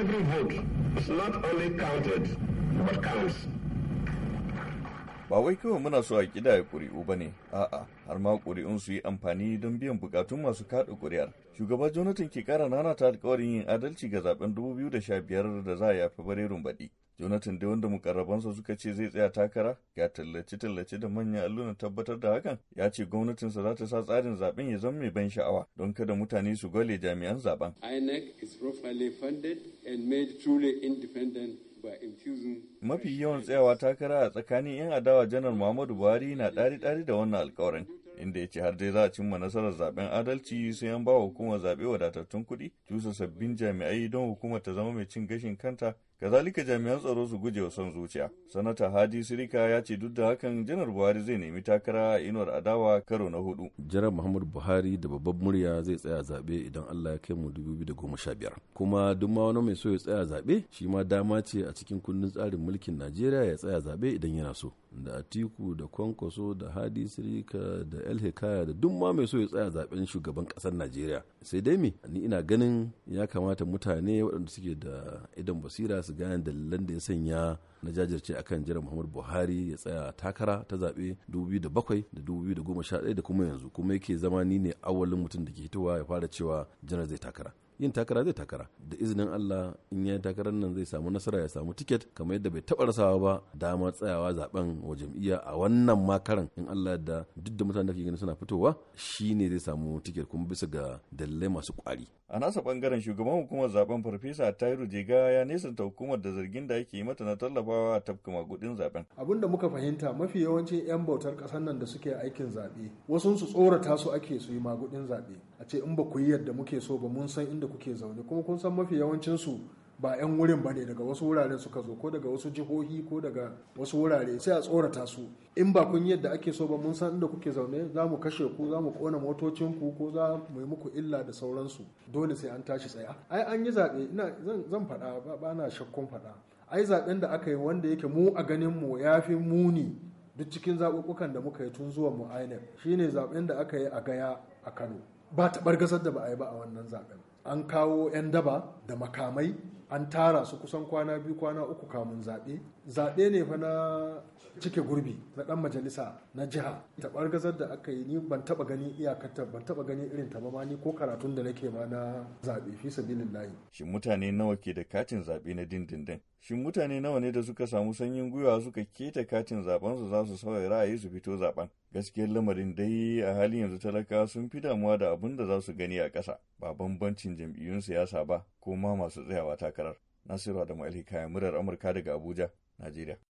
every vote is not only counted but counts. ba wai kawai muna so a kida ya ƙuri'u ba ne a'a har ma ƙuri'un su yi amfani don biyan bukatun masu kaɗa ƙuri'ar shugaba jonathan ke ƙara nana ta alkawarin yin adalci ga zaben 2015 da za a yafi barerun baɗi Jonathan da wanda mukarrabansa suka ce zai tsaya takara Ya tallace-tallace da manyan allunan tabbatar da hakan ya ce gwamnatinsa za ta sa tsarin zaben ya zama mai ban sha'awa don kada mutane su gole jami'an zaben. INEC is properly funded and made truly independent Mafi yawan tsayawa takara a tsakanin 'yan adawa janar Muhammadu Buhari na ɗari-ɗari da wannan alkawarin, inda ya ce har dai za a cimma nasarar zaben adalci sai an ba hukumar zaɓe wadatattun kuɗi, cusa sabbin jami'ai don hukumar ta zama mai cin gashin kanta Kazalika jami'an tsaro su guje wa son zuciya. Sanata Hadi Sirika ya ce duk da hakan Janar Buhari zai nemi takara a inuwar adawa karo na hudu. Janar Muhammadu Buhari da babbar murya zai tsaya zabe idan Allah ya kai mu da 2015. Kuma duk ma wani mai so ya tsaya zaɓe shi ma dama ce a cikin kundin tsarin mulkin Najeriya ya tsaya zaɓe idan yana so. Da Atiku da Kwankwaso da Hadi Sirika da El Hikaya da duk ma mai so ya tsaya zaɓen shugaban ƙasar Najeriya. Sai dai me ni ina ganin ya kamata mutane waɗanda suke da idan basira su gane dalilan da ya sanya na jajirce akan jiran Muhammad Buhari ya tsaya takara ta zaɓe 2007 da 2011 da kuma yanzu kuma yake zama ni ne awalin mutum da ke hitowa ya fara cewa janar zai takara yin takara zai takara da izinin Allah in ya takarar nan zai samu nasara ya samu tiket kamar yadda bai taɓa rasawa ba dama tsayawa zaben wa jam'iyya a wannan makaran in Allah da duk da mutanen da ke gani suna fitowa shine zai samu tiket kuma bisa ga dalilai masu kwari a nasa bangaren shugaban hukumar zaben farfesa Tairu Jega ya ta hukumar da zargin da ake yi mata na tallafawa a tafka magudin zaben abin da muka fahimta mafi yawanci yan bautar ƙasar nan da suke aikin zaɓe, wasu su tsorata su ake su yi magudin zaɓe, a ce in ba ku yi yadda muke so ba mun san inda kuke zaune kuma kun san mafi yawancinsu ba 'yan wurin ba ne daga wasu wurare suka zo ko daga wasu jihohi ko daga wasu wurare sai a tsorata su in ba kun yadda ake so ba mun san inda kuke zaune za mu kashe ku za mu kona ku ko za mu yi muku illa da sauransu dole sai an tashi tsaya ai an yi zaɓe ina zan faɗa ba na shakkun faɗa ai zaɓen da aka yi wanda yake mu a ganin mu ya muni duk cikin zaɓuɓɓukan da muka yi tun zuwa mu INEC shine zaɓen da aka yi a gaya a Kano ba taɓar gasar da ba a yi ba a wannan zaɓen an kawo 'yan daba da makamai an tara su kusan kwana biyu kwana uku kamun zaɓe zaɓe ne fa na cike gurbi na ɗan majalisa na jiha taɓar gazar da aka yi ni ban taɓa gani iyakarta ban taɓa gani irin ta ba ni ko karatun da nake ma na zaɓe fi sabilin layi. shin mutane nawa ke da katin zaɓe na dindindin shin mutane nawa ne da suka samu sanyin gwiwa suka keta katin zaɓen su za su sauya ra'ayi su fito zaɓen? gaskiyar lamarin dai a halin yanzu talaka sun fi damuwa da abun da za su gani a ƙasa ba bambancin jam'iyyun siyasa ba ko masu tsayawa takarar. Nasiru Adamu Ali kayan murar Amurka daga Abuja, Najeriya.